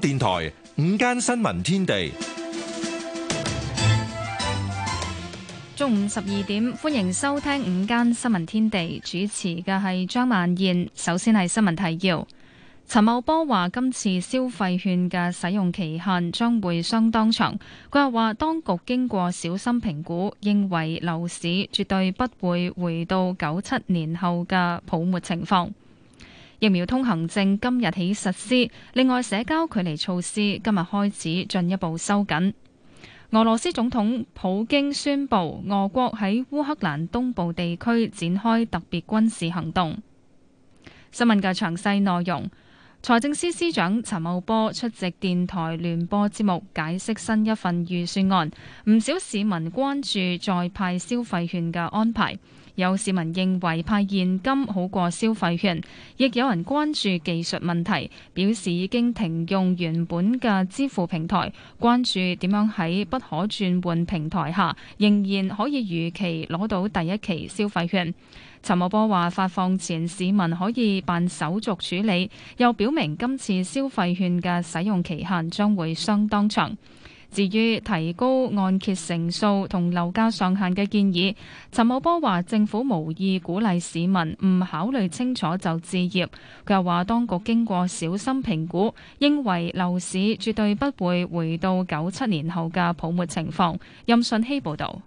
電台午間新聞天地，中午十二點歡迎收聽午間新聞天地，主持嘅係張曼燕。首先係新聞提要，陳茂波話今次消費券嘅使用期限將會相當長。佢又話當局經過小心評估，認為樓市絕對不會回到九七年後嘅泡沫情況。疫苗通行證今日起實施，另外社交距離措施今日開始進一步收緊。俄羅斯總統普京宣布，俄國喺烏克蘭東部地區展開特別軍事行動。新聞嘅詳細內容。財政司司長陳茂波出席電台聯播節目，解釋新一份預算案。唔少市民關注再派消費券嘅安排，有市民認為派現金好過消費券，亦有人關注技術問題，表示已經停用原本嘅支付平台，關注點樣喺不可轉換平台下仍然可以如期攞到第一期消費券。陳茂波話：發放前市民可以辦手續處理，又表明今次消費券嘅使用期限將會相當長。至於提高按揭成數同樓價上限嘅建議，陳茂波話政府無意鼓勵市民唔考慮清楚就置業。佢又話當局經過小心評估，認為樓市絕對不會回到九七年後嘅泡沫情況。任信希報道。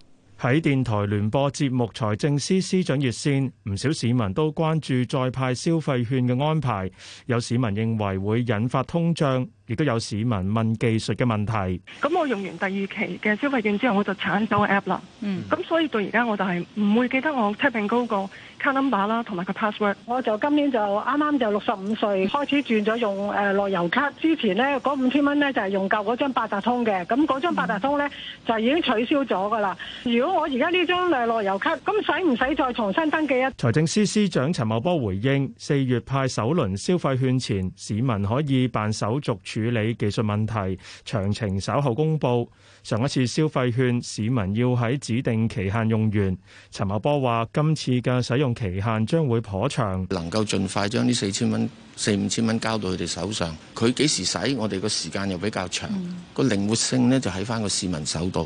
喺電台聯播節目《財政司司長熱線》，唔少市民都關注再派消費券嘅安排，有市民認為會引發通脹。亦都有市民問技術嘅問題。咁我用完第二期嘅消費券之後，我就鏟走 A P P 啦。嗯。咁所以到而家我就係唔會記得我 Tap and Go 個 Card Number 啦，同埋個 password。我就今年就啱啱就六十五歲開始轉咗用誒樂悠咭。嗯、之前呢，嗰五千蚊呢就係、是、用舊嗰張八達通嘅。咁嗰張八達通呢就已經取消咗㗎啦。如果我而家呢張誒樂悠咭，咁使唔使再重新登記啊？財政司司長陳茂波回應：四月派首輪消費券前，市民可以辦手續。處理技術問題，詳情稍後公布。上一次消費券市民要喺指定期限用完，陳茂波話今次嘅使用期限將會頗長，能夠盡快將呢四千蚊，四五千蚊交到佢哋手上。佢幾時使，我哋個時間又比較長，個靈、嗯、活性呢就喺翻個市民手度。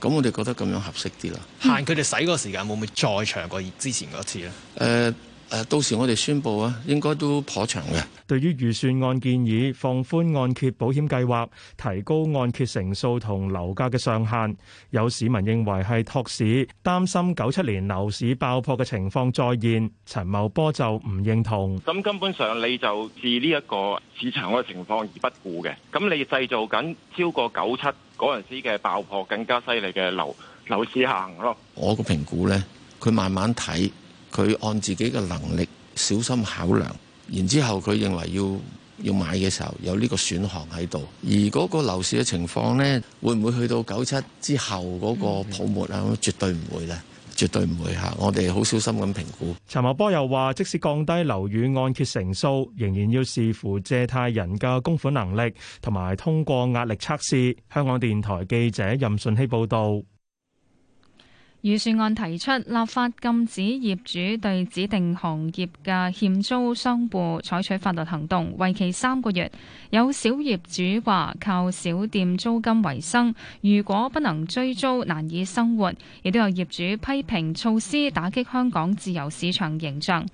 咁、嗯、我哋覺得咁樣合適啲啦。嗯、限佢哋使嗰個時間會唔會再長過之前嗰次啊？誒、嗯。Uh, 誒到時我哋宣佈啊，應該都頗長嘅。對於預算案建議放寬按揭保險計劃，提高按揭成數同樓價嘅上限，有市民認為係托市，擔心九七年樓市爆破嘅情況再現。陳茂波就唔認同。咁根本上你就置呢一個市場嘅情況而不顧嘅，咁你製造緊超過九七嗰陣時嘅爆破更加犀利嘅樓樓市下行咯。我個評估呢，佢慢慢睇。佢按自己嘅能力小心考量，然之後，佢認為要要買嘅時候有呢個選項喺度。而嗰個樓市嘅情況咧，會唔會去到九七之後嗰個泡沫啊？絕對唔會咧，絕對唔會吓，我哋好小心咁評估。陳茂波又話：即使降低樓宇按揭成數仍然要視乎借貸人嘅供款能力同埋通過壓力測試。香港電台記者任順希報道。預算案提出立法禁止業主對指定行業嘅欠租商戶採取法律行動，為期三個月。有小業主話靠小店租金為生，如果不能追租，難以生活。亦都有業主批評措施打擊香港自由市場形象。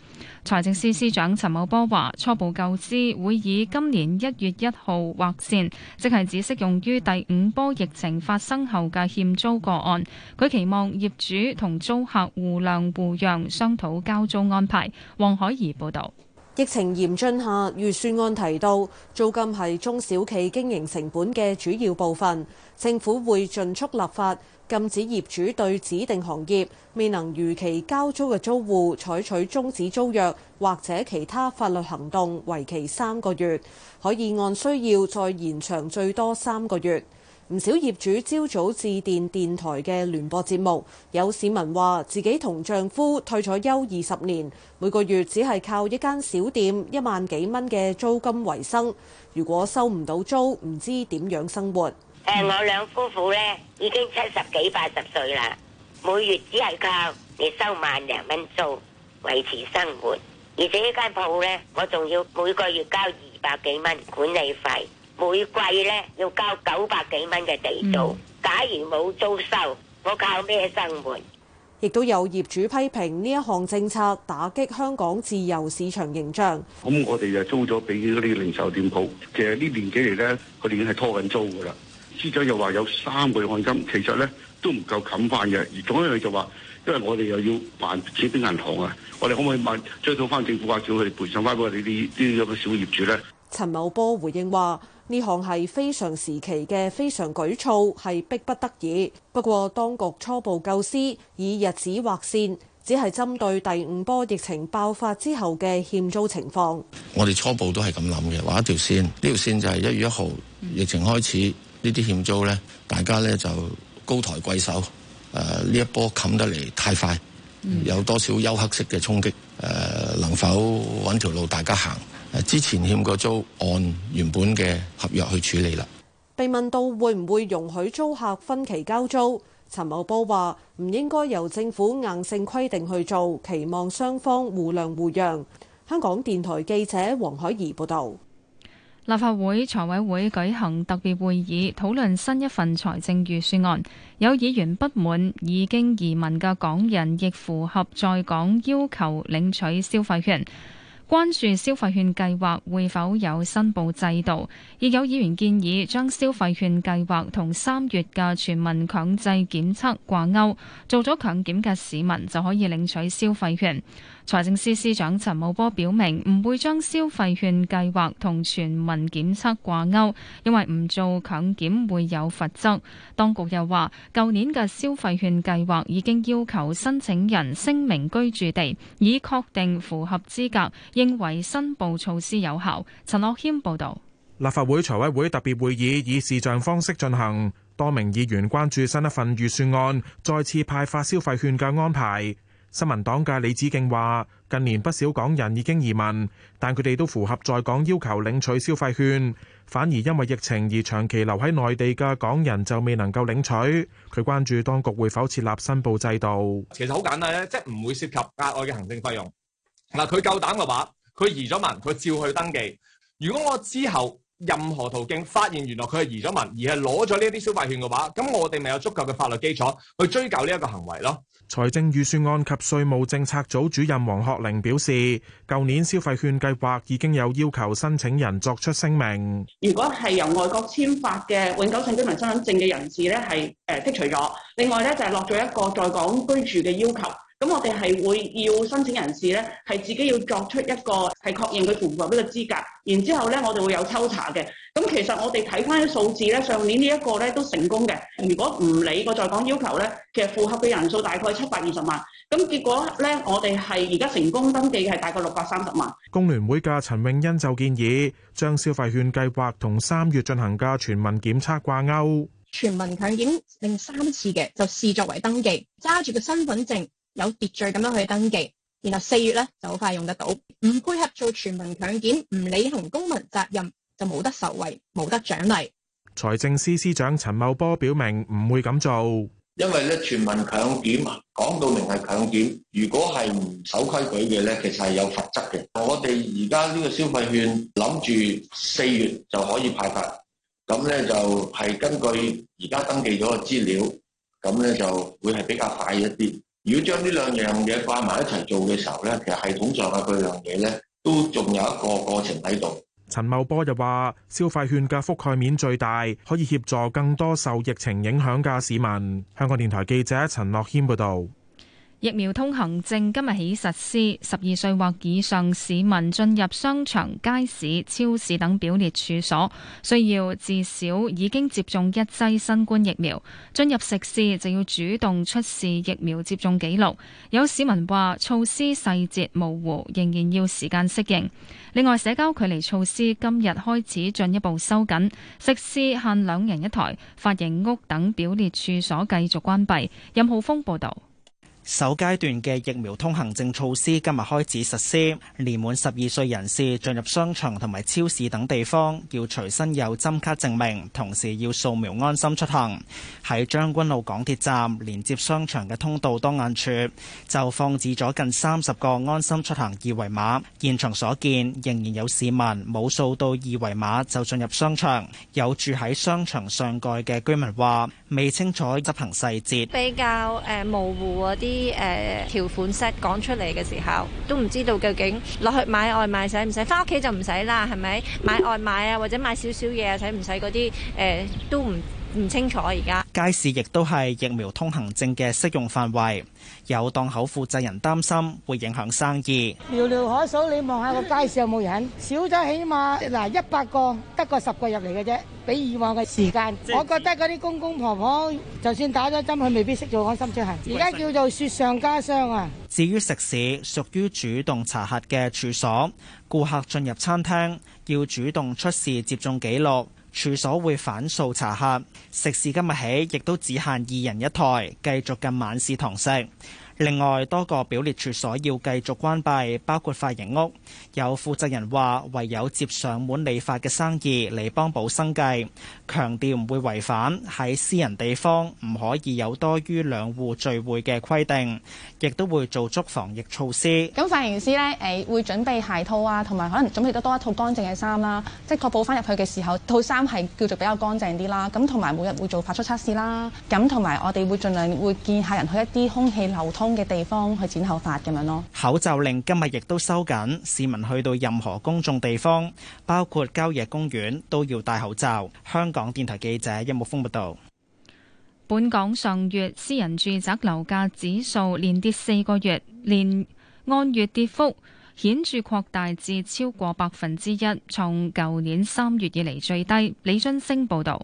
財政司司長陳茂波話：初步救資會以今年一月一號劃線，即係只適用於第五波疫情發生後嘅欠租個案。佢期望業主同租客互諒互讓，商討交租安排。黃海怡報道。疫情嚴峻下，預算案提到租金係中小企經營成本嘅主要部分。政府會盡速立法禁止業主對指定行業未能如期交租嘅租戶採取終止租約或者其他法律行動，為期三個月，可以按需要再延長最多三個月。唔少業主朝早致電電台嘅聯播節目，有市民話自己同丈夫退咗休二十年，每個月只係靠一間小店一萬幾蚊嘅租金維生，如果收唔到租，唔知點樣生活。誒，我兩夫婦呢已經七十幾八十歲啦，每月只係靠你收萬零蚊租維持生活，而且呢間鋪，呢我仲要每個月交二百幾蚊管理費，每季咧要交九百幾蚊嘅地租，假如冇租收，我靠咩生活？亦都有業主批評呢一項政策打擊香港自由市場形象。咁、嗯、我哋就租咗俾嗰啲零售店鋪，其實呢年幾嚟咧，佢哋已經係拖緊租噶啦。司長又話有三倍按金，其實咧都唔夠冚翻嘅。而仲有佢就話，因為我哋又要還錢俾銀行啊，我哋可唔可以問追討翻政府啊叫，佢賠償翻俾我哋啲啲咁嘅小業主咧？陳茂波回應話：呢項係非常時期嘅非常舉措，係逼不得已。不過當局初步構思以日子劃線，只係針對第五波疫情爆發之後嘅欠租情況。我哋初步都係咁諗嘅，畫一條線。呢條線就係一月一號疫情開始呢啲欠租咧，大家咧就高抬貴手。誒、呃，呢一波冚得嚟太快，有多少休克式嘅衝擊？誒、呃，能否揾條路大家行？之前欠過租，按原本嘅合約去處理啦。被問到會唔會容許租客分期交租，陳茂波話唔應該由政府硬性規定去做，期望雙方互諒互讓。香港電台記者黃海怡報道，立法會財委會舉行特別會議，討論新一份財政預算案，有議員不滿已經移民嘅港人亦符合在港要求領取消費券。關注消費券計劃會否有申報制度，亦有議員建議將消費券計劃同三月嘅全民強制檢測掛鈎，做咗強檢嘅市民就可以領取消費券。財政司司長陳茂波表明唔會將消費券計劃同全民檢測掛鈎，因為唔做強檢會有罰則。當局又話，舊年嘅消費券計劃已經要求申請人聲明居住地，以確定符合資格。認為申報措施有效。陳樂謙報道，立法會財委會特別會議以視像方式進行，多名議員關注新一份預算案再次派發消費券嘅安排。新民黨嘅李梓敬話，近年不少港人已經移民，但佢哋都符合在港要求領取消費券，反而因為疫情而長期留喺內地嘅港人就未能夠領取。佢關注當局會否設立申報制度。其實好簡單咧，即係唔會涉及額外嘅行政費用。嗱，佢夠膽嘅話，佢移咗民，佢照去登記。如果我之後任何途徑發現原來佢係移咗民，而係攞咗呢啲消費券嘅話，咁我哋咪有足夠嘅法律基礎去追究呢一個行為咯。財政預算案及稅務政策組主任黃學玲表示，舊年消費券計劃已經有要求申請人作出聲明。如果係由外國簽發嘅永久性居民身份證嘅人士咧，係誒、呃、剔除咗。另外咧就係落咗一個在港居住嘅要求。咁我哋係會要申請人士咧，係自己要作出一個係確認佢符合呢個資格，然之後咧我哋會有抽查嘅。咁其實我哋睇返啲數字咧，上年呢一個咧都成功嘅。如果唔理個在港要求咧，其實符合嘅人數大概七百二十萬。咁結果咧，我哋係而家成功登記嘅係大概六百三十萬。工聯會嘅陳永欣就建議將消費券計劃同三月進行嘅全民檢測掛鈎，全民強檢定三次嘅就視作為登記，揸住個身份證。有秩序咁樣去登記，然後四月咧就好快用得到。唔配合做全民強檢，唔履行公民責任就冇得受惠，冇得獎勵。財政司司長陳茂波表明唔會咁做，因為咧全民強檢啊，講到明係強檢，如果係唔守規矩嘅咧，其實係有罰則嘅。我哋而家呢個消費券諗住四月就可以派發，咁咧就係根據而家登記咗嘅資料，咁咧就會係比較快一啲。如果將呢兩樣嘢掛埋一齊做嘅時候呢，其實系統上嘅兩樣嘢呢，都仲有一個過程喺度。陳茂波又話，消費券嘅覆蓋面最大，可以協助更多受疫情影響嘅市民。香港電台記者陳樂謙報道。疫苗通行證今日起實施，十二歲或以上市民進入商場、街市、超市等表列處所，需要至少已經接種一劑新冠疫苗。進入食肆就要主動出示疫苗接種記錄。有市民話：措施細節模糊，仍然要時間適應。另外，社交距離措施今日開始進一步收緊，食肆限兩人一台，髮型屋等表列處所繼續關閉。任浩峰報導。首階段嘅疫苗通行證措施今日開始實施，年滿十二歲人士進入商場同埋超市等地方，要隨身有針卡證明，同時要掃描安心出行。喺將軍澳港鐵站連接商場嘅通道當眼處就放置咗近三十個安心出行二維碼，現場所見仍然有市民冇掃到二維碼就進入商場，有住喺商場上蓋嘅居民話未清楚執行細節比較、uh, 模糊嗰啲啲誒、啊、條款 set 講出嚟嘅時候，都唔知道究竟落去買外賣使唔使？返屋企就唔使啦，係咪？買外賣啊，或者買少少嘢啊，使唔使嗰啲誒都唔？唔清楚而家，街市亦都係疫苗通行證嘅適用範圍，有檔口負責人擔心會影響生意。寥寥可數，你望下個街市有冇人少咗，起碼嗱一百個得個十個入嚟嘅啫。比以往嘅時間，我覺得嗰啲公公婆婆就算打咗針，佢未必識做安心出行。而家叫做雪上加霜啊！至於食肆屬於主動查核嘅處所，顧客進入餐廳要主動出示接種記錄。處所會反數查核，食肆今日起亦都只限二人一台繼續近晚市堂食。另外，多個表列處所要繼續關閉，包括髮型屋。有負責人話唯有接上門理髮嘅生意嚟幫補生計，強調唔會違反喺私人地方唔可以有多於兩戶聚會嘅規定，亦都會做足防疫措施。咁髮型師咧，誒會準備鞋套啊，同埋可能準備多多一套乾淨嘅衫啦，即係確保翻入去嘅時候套衫係叫做比較乾淨啲啦，啊。咁同埋每日會做快速測試啦，啊。咁同埋我哋會盡量會見客人去一啲空氣流通。嘅地方去剪頭髮咁樣咯，口罩令今日亦都收緊，市民去到任何公眾地方，包括郊野公園，都要戴口罩。香港電台記者殷木豐報道。本港上月私人住宅樓價指數連跌四個月，連按月跌幅顯著擴大至超過百分之一，從舊年三月以嚟最低。李津升報道。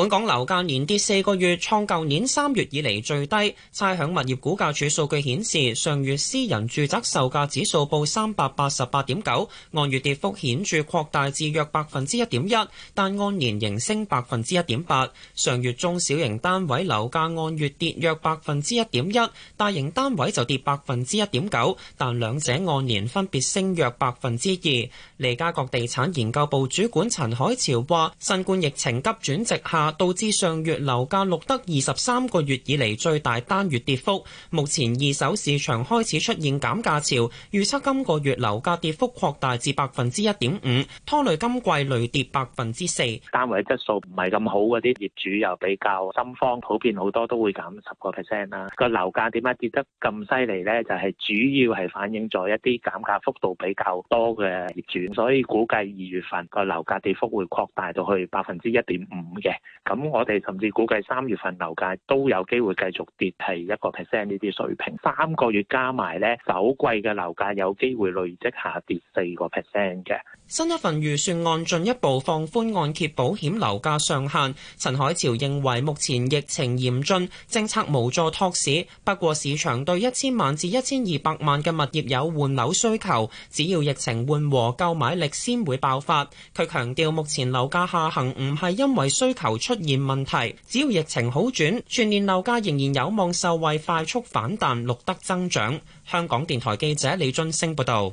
本港樓價連跌四個月，創舊年三月以嚟最低。差響物業估價署數據顯示，上月私人住宅售價指數報388.9，按月跌幅顯著擴大至約百分之一點一，但按年仍升百分之一點八。上月中小型單位樓價按月跌約百分之一點一，大型單位就跌百分之一點九，但兩者按年分別升約百分之二。利嘉閣地產研究部主管陳海潮話：新冠疫情急轉直下。導致上月樓價錄得二十三個月以嚟最大單月跌幅，目前二手市場開始出現減價潮，預測今個月樓價跌幅擴大至百分之一點五，拖累今季累跌百分之四。單位質素唔係咁好嗰啲業主又比較心慌，普遍好多都會減十個 percent 啦。個樓價點解跌得咁犀利呢？就係主要係反映咗一啲減價幅度比較多嘅業主，所以估計二月份個樓價跌幅會擴大到去百分之一點五嘅。咁我哋甚至估計三月份樓價都有機會繼續跌，係一個 percent 呢啲水平。三個月加埋呢首季嘅樓價有機會累積下跌四個 percent 嘅。新一份預算案進一步放寬按揭保險樓價上限。陳海潮認為目前疫情嚴峻，政策無助托市。不過市場對一千萬至一千二百萬嘅物業有換樓需求，只要疫情緩和，購買力先會爆發。佢強調目前樓價下行唔係因為需求。出現問題，只要疫情好轉，全年樓價仍然有望受惠，快速反彈錄得增長。香港電台記者李津升報道。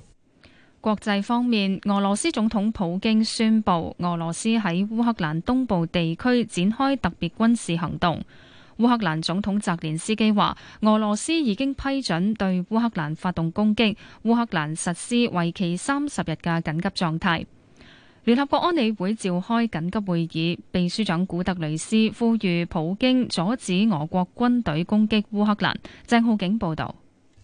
國際方面，俄羅斯總統普京宣布，俄羅斯喺烏克蘭東部地區展開特別軍事行動，烏克蘭總統澤連斯基話俄羅斯已經批准對烏克蘭發動攻擊，烏克蘭實施為期三十日嘅緊急狀態。聯合國安理會，召開緊急會議，秘書長古特雷斯呼籲普京阻止俄國軍隊攻擊烏克蘭。鄭浩景報道。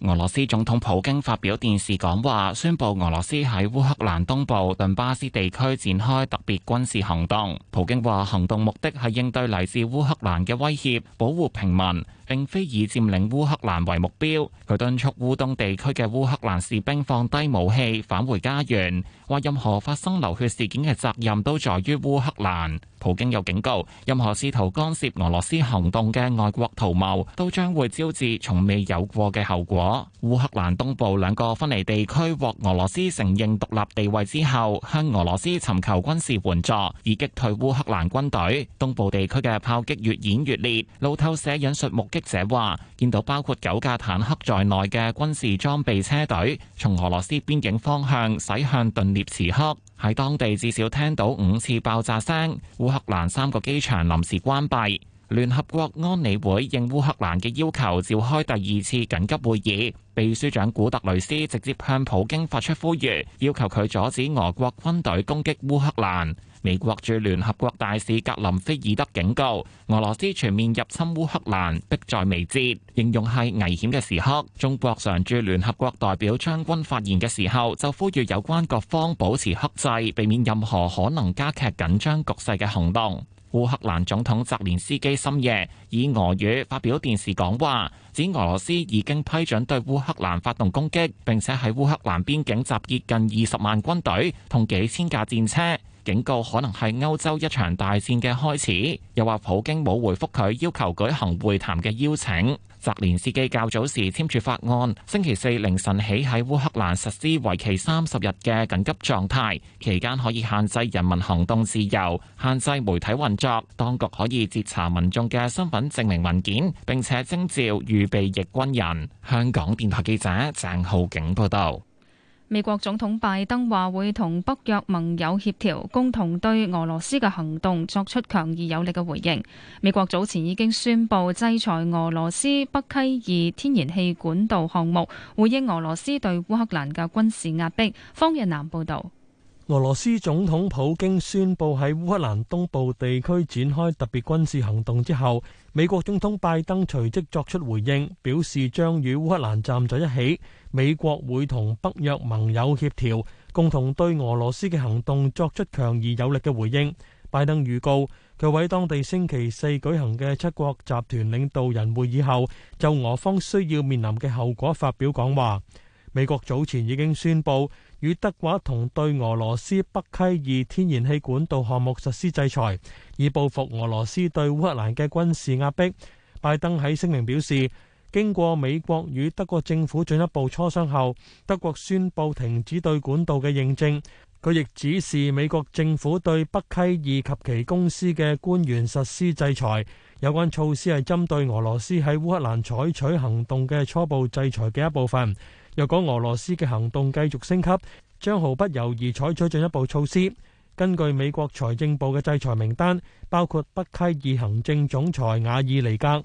俄羅斯總統普京發表電視講話，宣布俄羅斯喺烏克蘭東部頓巴斯地區展開特別軍事行動。普京話行動目的係應對嚟自烏克蘭嘅威脅，保護平民，並非以占領烏克蘭為目標。佢敦促烏東地區嘅烏克蘭士兵放低武器，返回家園。話任何發生流血事件嘅責任都在於烏克蘭。普京又警告，任何試圖干涉俄羅斯行動嘅外國圖謀，都將會招致從未有過嘅後果。烏克蘭東部兩個分離地區獲俄羅斯承認獨立地位之後，向俄羅斯尋求軍事援助，以擊退烏克蘭軍隊。東部地區嘅炮擊越演越烈。路透社引述目擊者話，見到包括九架坦克在內嘅軍事裝備車隊，從俄羅斯邊境方向駛向頓涅茨克，喺當地至少聽到五次爆炸聲。烏克蘭三個機場臨時關閉。聯合國安理會應烏克蘭嘅要求召開第二次緊急會議，秘書長古特雷斯直接向普京發出呼籲，要求佢阻止俄國軍隊攻擊烏克蘭。美國駐聯合國大使格林菲爾德警告，俄羅斯全面入侵烏克蘭迫在眉睫，形容係危險嘅時刻。中國常駐聯合國代表張軍發言嘅時候就呼籲有關各方保持克制，避免任何可能加劇緊張局勢嘅行動。烏克蘭總統澤連斯基深夜以俄語發表電視講話，指俄羅斯已經批准對烏克蘭發動攻擊，並且喺烏克蘭邊境集結近二十萬軍隊同幾千架戰車，警告可能係歐洲一場大戰嘅開始，又話普京冇回覆佢要求舉行會談嘅邀請。澤連斯基較早時簽署法案，星期四凌晨起喺烏克蘭實施為期三十日嘅緊急狀態，期間可以限制人民行動自由，限制媒體運作，當局可以截查民眾嘅身份證明文件，並且徵召預備役軍人。香港電台記者鄭浩景報道。美國總統拜登話會同北約盟友協調，共同對俄羅斯嘅行動作出強而有力嘅回應。美國早前已經宣布制裁俄羅斯北溪二天然氣管道項目，回應俄羅斯對烏克蘭嘅軍事壓迫。方日南報道。俄羅斯總統普京宣布喺烏克蘭東部地區展開特別軍事行動之後，美國總統拜登隨即作出回應，表示將與烏克蘭站在一起。美國會同北約盟友協調，共同對俄羅斯嘅行動作出強而有力嘅回應。拜登預告，佢會當地星期四舉行嘅七國集團領導人會議後，就俄方需要面臨嘅後果發表講話。美國早前已經宣布與德國同對俄羅斯北溪二天然氣管道項目實施制裁，以報復俄羅斯對烏克蘭嘅軍事壓迫。拜登喺聲明表示，經過美國與德國政府進一步磋商後，德國宣布停止對管道嘅認證。佢亦指示美國政府對北溪二及其公司嘅官員實施制裁。有關措施係針對俄羅斯喺烏克蘭採取行動嘅初步制裁嘅一部分。若果俄羅斯嘅行動繼續升級，將毫不猶豫採取進一步措施。根據美國財政部嘅制裁名單，包括北溪二行政總裁瓦爾尼格、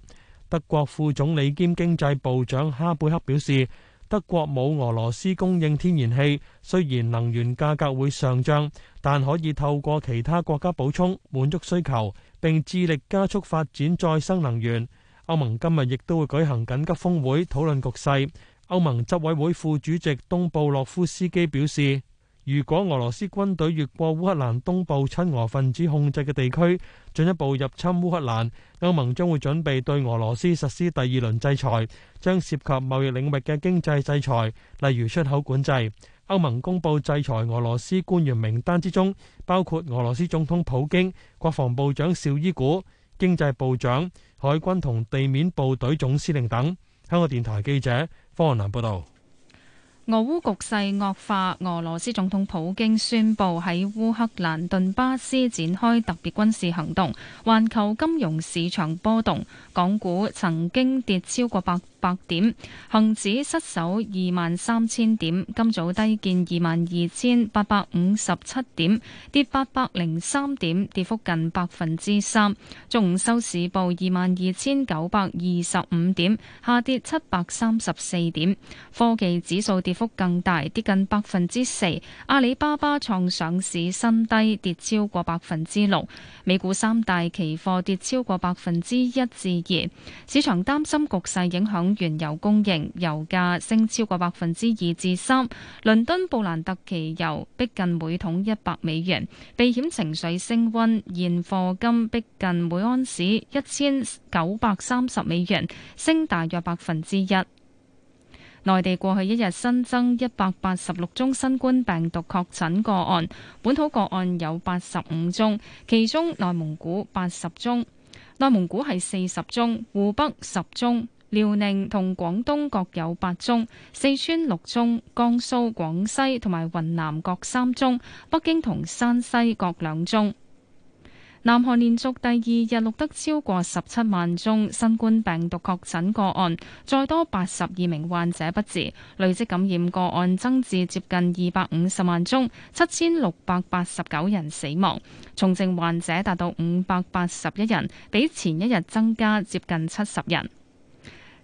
德國副總理兼經濟部長哈貝克表示，德國冇俄羅斯供應天然氣，雖然能源價格會上漲，但可以透過其他國家補充滿足需求，並致力加速發展再生能源。歐盟今日亦都會舉行緊急峰會討論局勢。歐盟執委會副主席東布洛夫斯基表示，如果俄羅斯軍隊越過烏克蘭東部親俄分子控制嘅地區，進一步入侵烏克蘭，歐盟將會準備對俄羅斯實施第二輪制裁，將涉及貿易領域嘅經濟制裁，例如出口管制。歐盟公布制裁俄羅斯官員名單之中，包括俄羅斯總統普京、國防部長紹伊古、經濟部長、海軍同地面部隊總司令等。香港電台記者。方南報道，俄烏局勢惡化，俄羅斯總統普京宣布喺烏克蘭頓巴斯展開特別軍事行動。環球金融市場波動，港股曾經跌超過百。百點，恆指失守二萬三千點，今早低見二萬二千八百五十七點，跌八百零三點，跌幅近百分之三。中午收市報二萬二千九百二十五點，下跌七百三十四點。科技指數跌幅更大，跌近百分之四。阿里巴巴創上市新低，跌超過百分之六。美股三大期貨跌超過百分之一至二，市場擔心局勢影響原油供應，油價升超過百分之二至三。倫敦布蘭特期油逼近每桶一百美元，避險情緒升温，現貨金逼近每安士一千九百三十美元，升大約百分之一。內地過去一日新增一百八十六宗新冠病毒確診個案，本土個案有八十五宗，其中內蒙古八十宗，內蒙古係四十宗，湖北十宗。遼寧同廣東各有八宗，四川六宗，江蘇、廣西同埋雲南各三宗，北京同山西各兩宗。南韓連續第二日錄得超過十七萬宗新冠病毒確診個案，再多八十二名患者不治，累積感染個案增至接近二百五十萬宗，七千六百八十九人死亡，重症患者達到五百八十一人，比前一日增加接近七十人。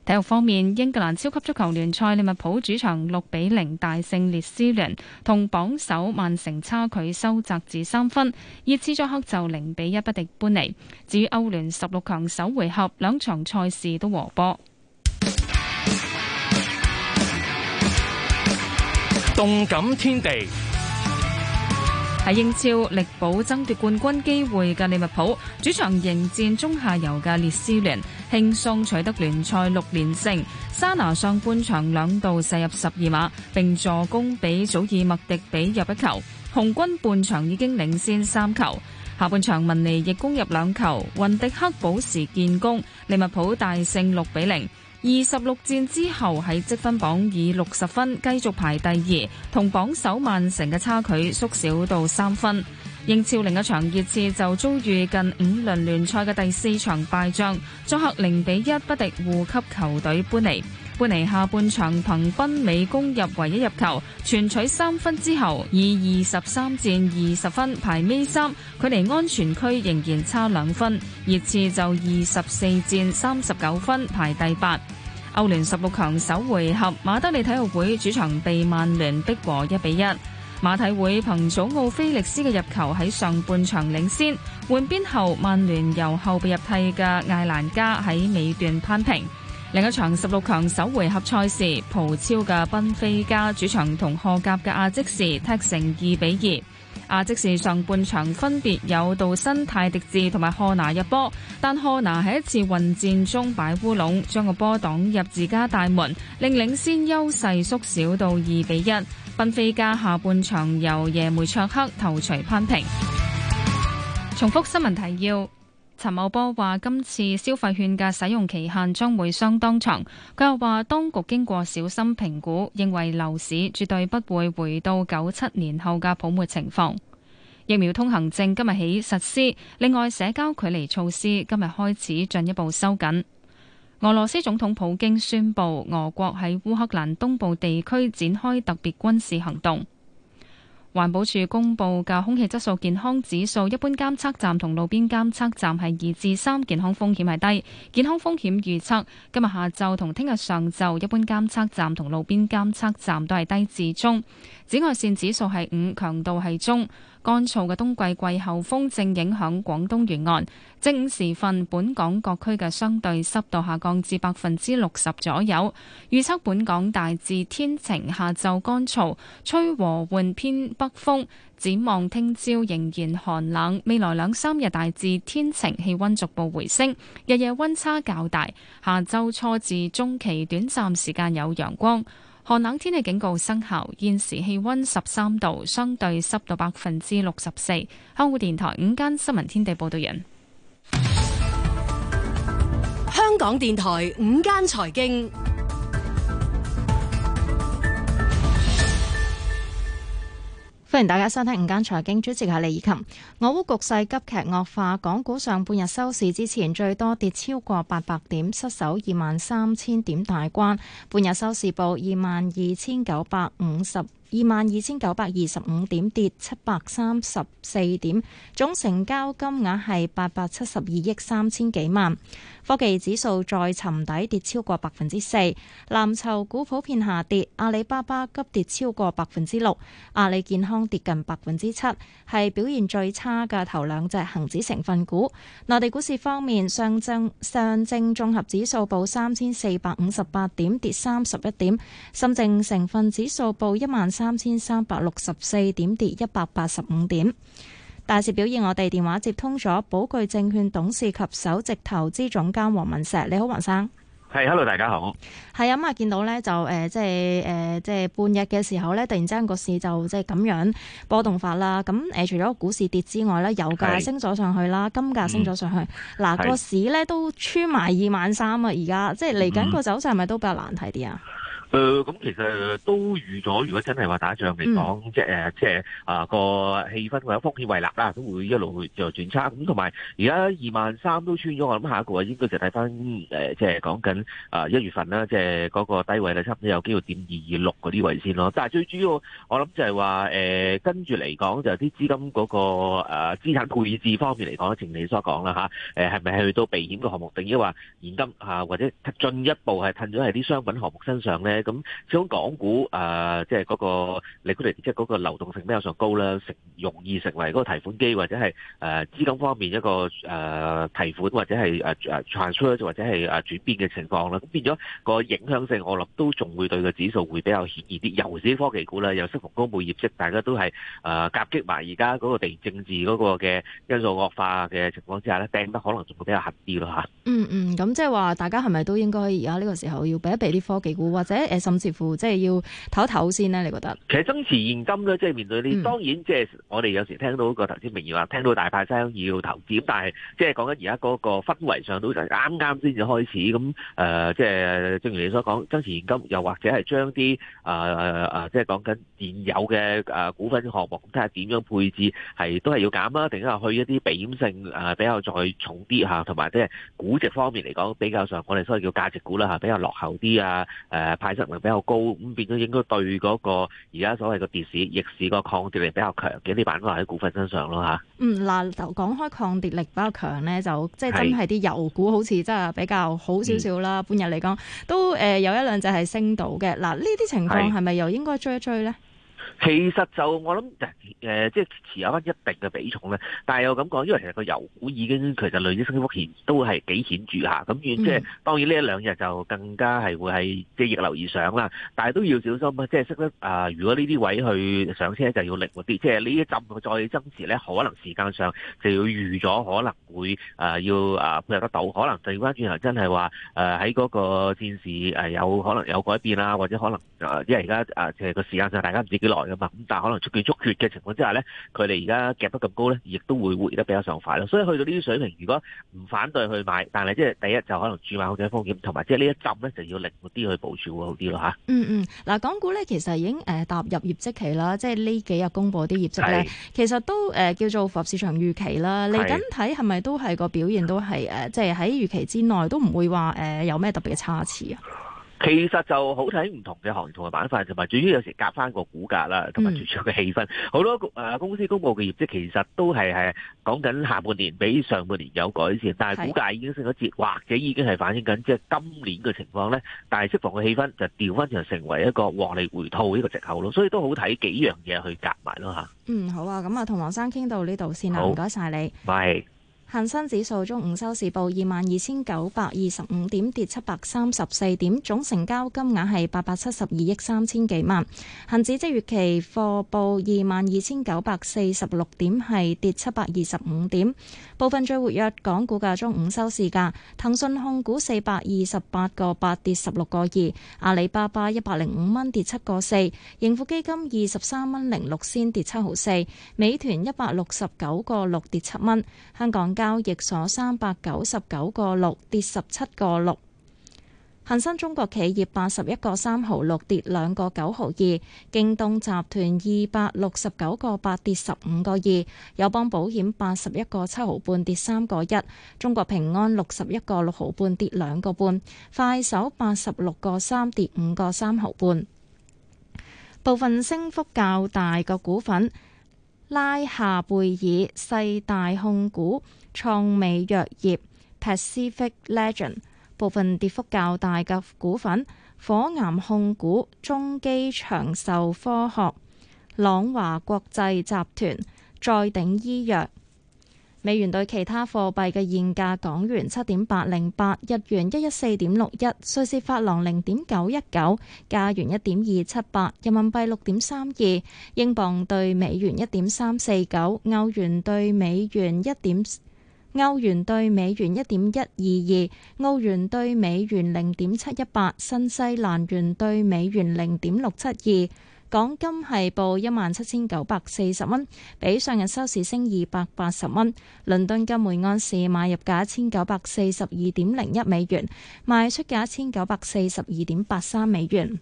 體育方面，英格蘭超級足球聯賽利物浦主場六比零大勝列斯聯，同榜首曼城差距收窄至三分。熱刺作客就零比一不敵般尼。至於歐聯十六強首回合兩場賽事都和波。動感天地。喺英超力保爭奪冠軍機會嘅利物浦，主場迎戰中下游嘅列斯聯，二十六戰之後，喺積分榜以六十分繼續排第二，同榜首曼城嘅差距縮小到三分。英超另一場熱刺就遭遇近五輪聯賽嘅第四場敗仗，作客零比一不敵護級球隊般尼。般尼下半場憑賓美攻入唯一入球，全取三分之後以二十三戰二十分排尾三，距離安全區仍然差兩分。熱刺就二十四戰三十九分排第八。歐聯十六強首回合，馬德里體育會主場被曼聯逼和一比一。馬體會憑祖奧菲力斯嘅入球喺上半場領先，換邊後曼聯由後備入替嘅艾蘭加喺尾段攀平。另一場十六強首回合賽事，葡超嘅賓菲加主場同荷甲嘅阿積士踢成二比二。阿積士上半場分別有杜新泰迪治同埋霍拿入波，但霍拿喺一次混戰中擺烏龍，將個波擋入自家大門，令領先優勢縮，縮，縮小到二比一。賓菲加下半場由耶梅卓克頭槌扳平。重複新聞提要。陳茂波話：今次消費券嘅使用期限將會相當長。佢又話：當局經過小心評估，認為樓市絕對不會回到九七年後嘅泡沫情況。疫苗通行證今日起實施，另外社交距離措施今日開始進一步收緊。俄羅斯總統普京宣布，俄國喺烏克蘭東部地區展開特別軍事行動。環保署公布嘅空氣質素健康指數，一般監測站同路邊監測站係二至三，健康風險係低。健康風險預測，今日下晝同聽日上晝，一般監測站同路邊監測站都係低至中。紫外線指數係五，強度係中。乾燥嘅冬季季候風正影響廣東沿岸，正午時分本港各區嘅相對濕度下降至百分之六十左右。預測本港大致天晴，下晝乾燥，吹和緩偏北風。展望聽朝仍然寒冷，未來兩三日大致天晴，氣温逐步回升，日夜温差較大。下晝初至中期短暫時間有陽光。寒冷天氣警告生效，現時氣温十三度，相對濕度百分之六十四。香港電台午間新聞天地，報道人。香港電台午間財經。歡迎大家收聽午間財經主持係李以琴。俄烏局勢急劇惡化，港股上半日收市之前最多跌超過八百點，失守二萬三千點大關。半日收市報二萬二千九百五十，二萬二千九百二十五點，跌七百三十四點，總成交金額係八百七十二億三千幾萬。科技指數再沉底，跌超過百分之四，藍籌股普遍下跌，阿里巴巴急跌超過百分之六，阿里健康跌近百分之七，係表現最差嘅頭兩隻恒指成分股。內地股市方面，上證上證綜合指數報三千四百五十八點，跌三十一點，深證成分指數報一萬三三千三百六十四點跌一百八十五點，大市表現，我哋電話接通咗，寶鉅證券董事及首席投資總監黃文石，你好黃生，係、hey,，hello 大家好，係咁啊，見到咧就誒、呃，即係誒、呃，即係半日嘅時候咧，突然之間個市就即係咁樣波動法啦，咁、呃、誒，除咗個股市跌之外咧，油價升咗上去啦，金價升咗上去，嗱個市咧都穿埋二萬三啊，而家即係嚟緊個走勢係咪都比較難睇啲啊？誒，咁、嗯、其實都預咗，如果真係話打仗嚟講，即係即係啊個氣氛或者風險為立啦，都會一路就轉差。咁同埋而家二萬三都穿咗，我諗下一個話應該就睇返誒，即係講緊啊一月份啦，即係嗰個低位咧，差唔多有機會點二二六嗰啲位先咯。但係最主要我諗就係話，誒跟住嚟講就啲資金嗰、那個誒、啊、資產配置方面嚟講，正如你所講啦嚇，誒係咪係去到避險嘅項目，定抑或現金啊，或者進一步係褪咗喺啲商品項目身上咧？咁始終港股誒、呃，即係嗰、那個 liquidity 即係嗰個流動性比較上高啦，成容易成為嗰個提款機，或者係誒、呃、資金方面一個誒、呃、提款，或者係誒誒或者係誒轉變嘅情況啦。咁變咗個影響性，我諗都仲會對個指數會比較顯而啲。尤其是啲科技股啦，又適逢公布業績，大家都係誒夾擊埋而家嗰個地政治嗰個嘅因素惡化嘅情況之下咧，掟得可能仲會比較狠啲咯吓，嗯嗯，咁即係話，大家係咪都應該而家呢個時候要避一避啲科技股，或者？甚至乎即係要唞一唞先啦，你覺得？其實增持現金咧，即係面對啲、嗯、當然，即係我哋有時聽到、嗰個頭先明言話聽到大派聲要投資，但係即係講緊而家嗰個氛圍上都就啱啱先至開始。咁誒，即係正如你所講增持現金，又或者係將啲誒誒即係講緊現有嘅誒股份項目，睇下點樣配置，係都係要減啦，定係去一啲避險性誒比較再重啲吓，同埋即係估值方面嚟講比較上，我哋所謂叫價值股啦吓比較落後啲啊誒派。實力比較高，咁變咗應該對嗰個而家所謂個跌市、逆市個抗跌力比較強嘅啲板塊喺股份身上咯吓。嗯，嗱，就講開抗跌力比較強咧，就即係真係啲油股好似真係比較好少少啦。半、嗯、日嚟講，都誒、呃、有一兩隻係升到嘅。嗱，呢啲情況係咪又應該追一追咧？其實就我諗誒，即、呃、係、就是、持有翻一定嘅比重咧。但係又咁講，因為其實個油股已經其實類似升幅顯都係幾顯著嚇。咁即係當然呢一兩日就更加係會係即係逆流而上啦。但係都要小心啊！即係識得啊、呃，如果呢啲位去上車，就要靈活啲。即係你一浸再增持咧，可能時間上就要預咗可能會啊、呃、要啊配合得到。可能調翻轉頭真係話誒喺嗰個戰事有、呃、可能有改變啦，或者可能因為而家誒即係個時間上大家唔知幾耐。咁但係可能出血足血嘅情況之下咧，佢哋而家夾得咁高咧，亦都會回得比較上快咯。所以去到呢啲水平，如果唔反對去買，但係即係第一就可能注碼好嘅風險，同埋即係呢一浸咧就要靈活啲去部署好啲咯吓，嗯嗯，嗱，港股咧其實已經誒踏入業績期啦，即係呢幾日公布啲業績咧，是其實都誒叫做符合市場預期啦。嚟緊睇係咪都係個表現都係誒，即係喺預期之內，都唔會話誒有咩特別嘅差池啊？其實就好睇唔同嘅行業同埋板塊，同埋主要有時夾翻個股價啦，同埋最終嘅氣氛。好、嗯、多誒公司公布嘅業績，其實都係係講緊下半年比上半年有改善，但係股價已經升咗節，是或者已經係反映緊即係今年嘅情況咧。但係釋放嘅氣氛就調翻就成為一個獲利回吐呢個藉口咯，所以都好睇幾樣嘢去夾埋咯吓。嗯，好啊，咁啊，我同黃生傾到呢度先啦，唔該晒你。係。恒生指數中午收市報二萬二千九百二十五點，跌七百三十四點，總成交金額係八百七十二億三千幾萬。恒指即月期貨報二萬二千九百四十六點，係跌七百二十五點。部分最活躍港股價中午收市價，騰訊控股四百二十八個八跌十六個二，阿里巴巴一百零五蚊跌七個四，盈富基金二十三蚊零六先跌七毫四，美團一百六十九個六跌七蚊，香港家。交易所三百九十九個六跌十七個六，恒生中國企業八十一個三毫六跌兩個九毫二，京東集團二百六十九個八跌十五個二，友邦保險八十一個七毫半跌三個一，中國平安六十一個六毫半跌兩個半，快手八十六個三跌五個三毫半。部分升幅較大嘅股份，拉夏貝爾、四大控股。創美藥業、Pacific Legend。部分跌幅較大嘅股份，火岩控股、中基長壽科學、朗華國際集團、再鼎醫藥。美元對其他貨幣嘅現價：港元七點八零八，日元一一四點六一，瑞士法郎零點九一九，加元一點二七八，人民幣六點三二，英鎊對美元一點三四九，歐元對美元一點。歐元兌美元一點一二二，澳元兌美元零點七一八，新西蘭元兌美元零點六七二，港金係報一萬七千九百四十蚊，比上日收市升二百八十蚊。倫敦金每安士買入價一千九百四十二點零一美元，賣出價一千九百四十二點八三美元。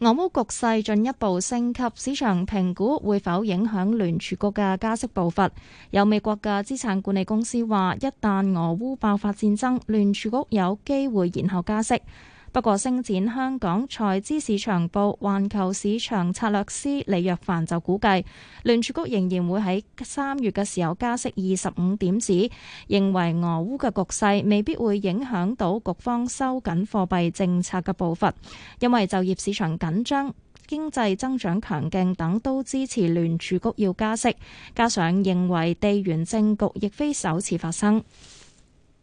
俄烏局勢進一步升級，市場評估會否影響聯儲局嘅加息步伐？有美國嘅資產管理公司話，一旦俄烏爆發戰爭，聯儲局有機會延後加息。不過，星展香港財資市場部環球市場策略師李若凡就估計，聯儲局仍然會喺三月嘅時候加息二十五點子，認為俄烏嘅局勢未必會影響到局方收緊貨幣政策嘅步伐，因為就業市場緊張、經濟增長強勁等都支持聯儲局要加息，加上認為地緣政局亦非首次發生。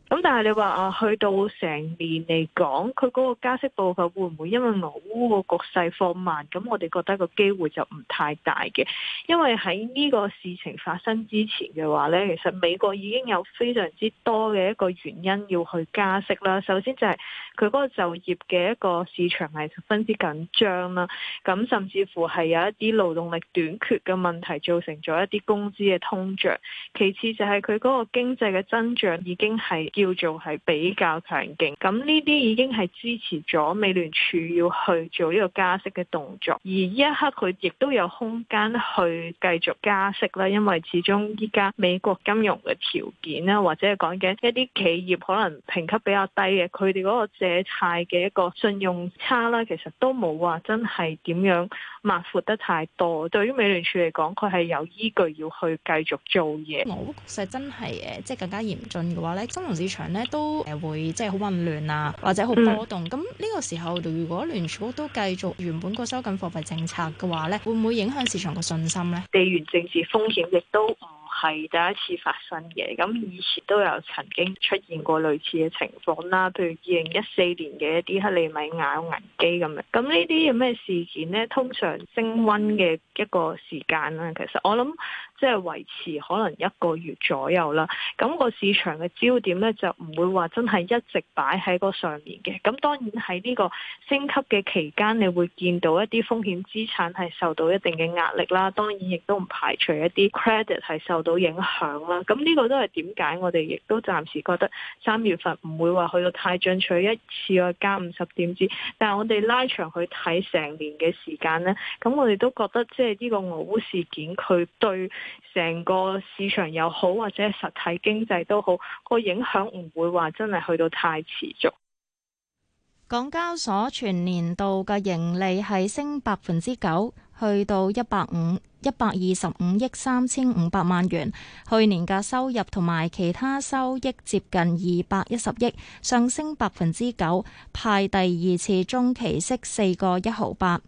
咁、嗯、但係你話啊，去到成年嚟講，佢嗰個加息步伐會唔會因為俄烏個局勢放慢？咁我哋覺得個機會就唔太大嘅，因為喺呢個事情發生之前嘅話呢，其實美國已經有非常之多嘅一個原因要去加息啦。首先就係佢嗰個就業嘅一個市場係十分之緊張啦，咁甚至乎係有一啲勞動力短缺嘅問題造成咗一啲工資嘅通脹。其次就係佢嗰個經濟嘅增長已經係。叫做係比較強勁，咁呢啲已經係支持咗美聯儲要去做呢個加息嘅動作，而呢一刻佢亦都有空間去繼續加息啦，因為始終依家美國金融嘅條件啦，或者係講緊一啲企業可能評級比較低嘅，佢哋嗰個借貸嘅一個信用差啦，其實都冇話真係點樣擴闊得太多。對於美聯儲嚟講，佢係有依據要去繼續做嘢。冇，果實真係誒即係更加嚴峻嘅話咧，金融市場咧都誒會即係好混亂啊，或者好波動。咁呢、嗯、個時候，如果聯儲都繼續原本個收緊貨幣政策嘅話咧，會唔會影響市場個信心咧？地緣政治風險亦都唔係第一次發生嘅，咁以前都有曾經出現過類似嘅情況啦。譬如二零一四年嘅一啲克里米亞危機咁樣。咁呢啲有咩事件咧？通常升溫嘅一個時間啦。其實我諗。即係維持可能一個月左右啦。咁個市場嘅焦點呢，就唔會話真係一直擺喺個上面嘅。咁當然喺呢個升級嘅期間，你會見到一啲風險資產係受到一定嘅壓力啦。當然亦都唔排除一啲 credit 係受到影響啦。咁呢個都係點解我哋亦都暫時覺得三月份唔會話去到太進取一次去加五十點子。但係我哋拉長去睇成年嘅時間呢，咁我哋都覺得即係呢個俄烏事件佢對。成個市場又好，或者實體經濟都好，個影響唔會話真係去到太持續。港交所全年度嘅盈利係升百分之九，去到一百五一百二十五億三千五百萬元。去年嘅收入同埋其他收益接近二百一十億，上升百分之九，派第二次中期息四個一毫八。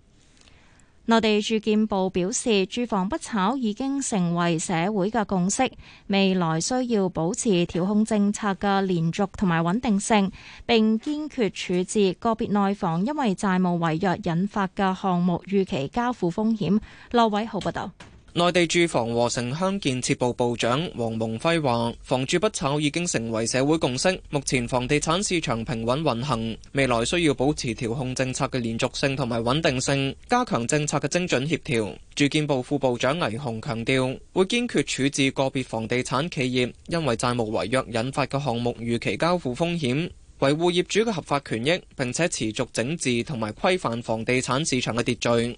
內地住建部表示，住房不炒已經成為社會嘅共識，未來需要保持調控政策嘅連續同埋穩定性，並堅決處置個別內房因為債務違約引發嘅項目逾期交付風險。劉偉豪報道。內地住房和城鄉建設部部長王蒙徽話，房住不炒已經成為社會共識。目前房地產市場平穩運行，未來需要保持調控政策嘅連續性同埋穩定性，加強政策嘅精準協調。住建部副部長倪虹強調，會堅決處置個別房地產企業因為債務違約引發嘅項目逾期交付風險，維護業主嘅合法權益，並且持續整治同埋規範房地產市場嘅秩序。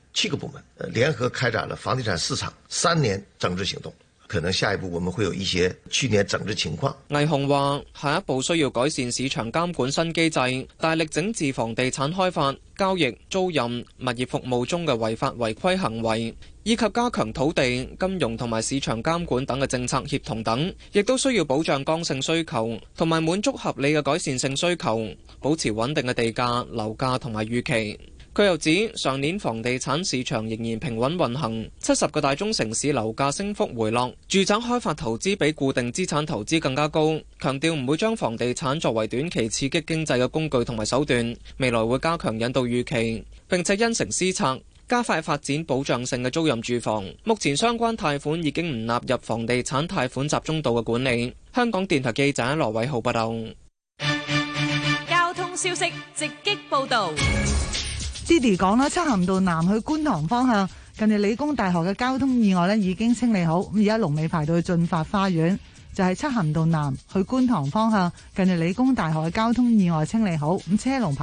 七個部門聯合開展了房地產市場三年整治行動，可能下一步我們會有一些去年整治情況。魏宏話：下一步需要改善市場監管新機制，大力整治房地產開發、交易、租賃、物業服務中嘅違法違規行為，以及加強土地、金融同埋市場監管等嘅政策協同等，亦都需要保障剛性需求同埋滿足合理嘅改善性需求，保持穩定嘅地價、樓價同埋預期。佢又指，上年房地產市場仍然平穩運行，七十個大中城市樓價升幅回落，住宅開發投資比固定資產投資更加高。強調唔會將房地產作為短期刺激經濟嘅工具同埋手段，未來會加強引導預期，並且因城施策，加快發展保障性嘅租賃住房。目前相關貸款已經唔納入房地產貸款集中度嘅管理。香港電台記者羅偉浩報道。交通消息直擊報道。Diddy 講啦，漆咸道南去觀塘方向，近住理工大學嘅交通意外咧已經清理好。咁而家龍尾排到去駿發花園，就係、是、漆咸道南去觀塘方向，近住理工大學嘅交通意外清理好，咁車龍排。